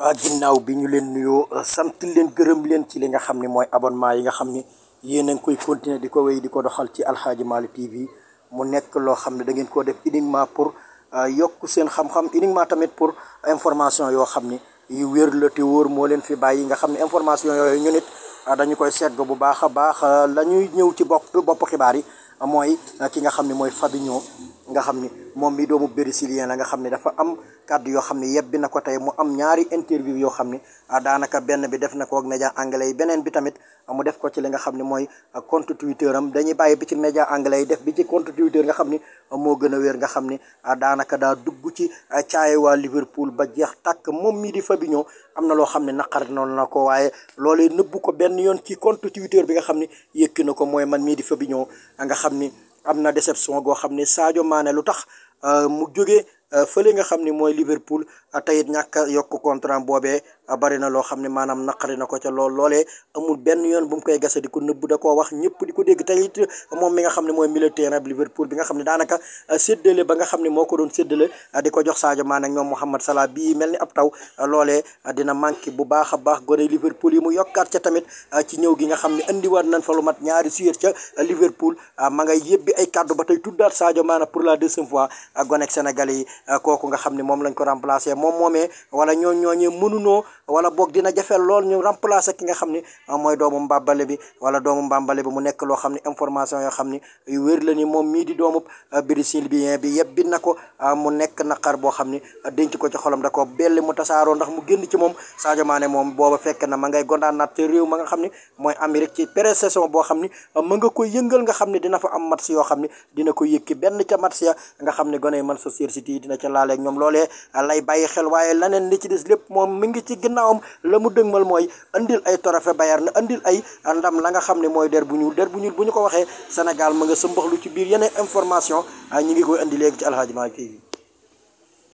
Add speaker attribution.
Speaker 1: Ah, ginnaaw bi ñu leen nuyoo euh, sant leen gërëm leen ci li nga xam ne mooy abonnement yi nga xam ni yéen a koy continuer di ko wéy di ko doxal ci Aladji Malick TV mu nekk loo xam ne da ngeen koo def uniquement pour euh, yokk seen xam-xam uniquement tamit pour information yoo xam ni yu wér la te wóor moo leen fi bàyyi nga xam ne information yooyu ñu nit ah, dañu koy segg bu baax a baax euh, la ñuy ñëw ci bopp bopp xibaar yi mooy ki nga xam ne mooy Fabinho nga xam ni moom mi doomu brésilien la nga xam ne dafa am kàddu yoo xam ne yebbi na ko tey mu am ñaari interview yoo xam ne ah, daanaka benn bi def na ko ak média anglais yi beneen bi tamit ah, mu def ko ci li nga xam ne mooy ah, compte Twitter am dañuy bàyyi bi ci média anglais yi def bi ci compte Twitter nga xam ni moo gën a wér nga xam ni daanaka daa dugg ci caaye waa Liverpool ba jeex tàkk moom mii di Fabinho am na loo xam ne naqari noonu na ko waaye loolee nëbbu ko benn yoon ci compte Twitter bi nga xam ni yëkki na ko mooy man mii di Fabinho nga xam ni am na déception goo xam ne Sadio Mané lu tax euh, mu jóge Euh, fële nga xam ni mooy Liverpool euh, tey it ñàkk a yokk contrat boobee euh, bari na loo xam ne maanaam naqari na ko ca lool loole amul benn yoon bu mu koy gase di ko nëbb da koo wax ñëpp di ko dégg tey it moom mi nga xam ne mooy milieu terrain Liverpool bi nga ne daanaka séddale ba nga xam ne moo ko doon séddale di ko jox Sadio Mané ak ñoom Mohamed Salah bii mel ni ab taw loolee dina manqué bu baax a baax gone Liverpool yi mu yokkaat ca tamit ci ñëw gi nga xam ne indiwaat nañ fa lu mat ñaari suyet ca Liverpool ma nga yëbbi ay kaddu ba tey tuddaat Sadio maana pour la deuxième fois gone ak Sénégalais yi Euh, kooku nga xam ne moom lañ ko remplacer moom moomee wala ñoo ñooñee mënunoo wala boog dina jafe lool ñu remplacer ki nga xam ne mooy doomu mbàmbale bi wala doomu mbàmbale bi mu nekk loo xam ne information yoo xam ne yu wér la ni moom mii di doomu euh, brésilien bi yëpp bi na ko euh, mu nekk naqar boo xam ne denc ko ci xolam da ko belli mu tasaaroo ndax mu génn ci moom Sadio Mané moom booba fekk na ma ngay gondaanaat te réew ma nga xam ne mooy Amérique ci pré-saison boo xam ni ma ko yëngal nga xam ne dina fa am match yoo xam ne dina ko yëkki benn ca match ya nga xam ne gone Manchester City dina ca laaleeg ñoom loolee lay bàyyi xel waaye leneen li ci des lépp moom mi ngi ci ginnaawam la mu dëgmal mooy indil ay trophée na indil ay ndam la nga xam ne mooy der bu ñuul der bu ñuul bu ñu ko waxee Sénégal ma nga sëmbaxlu ci biir yeneen information ah, ñu ngi koy indi léegi ci Aladji Malick TV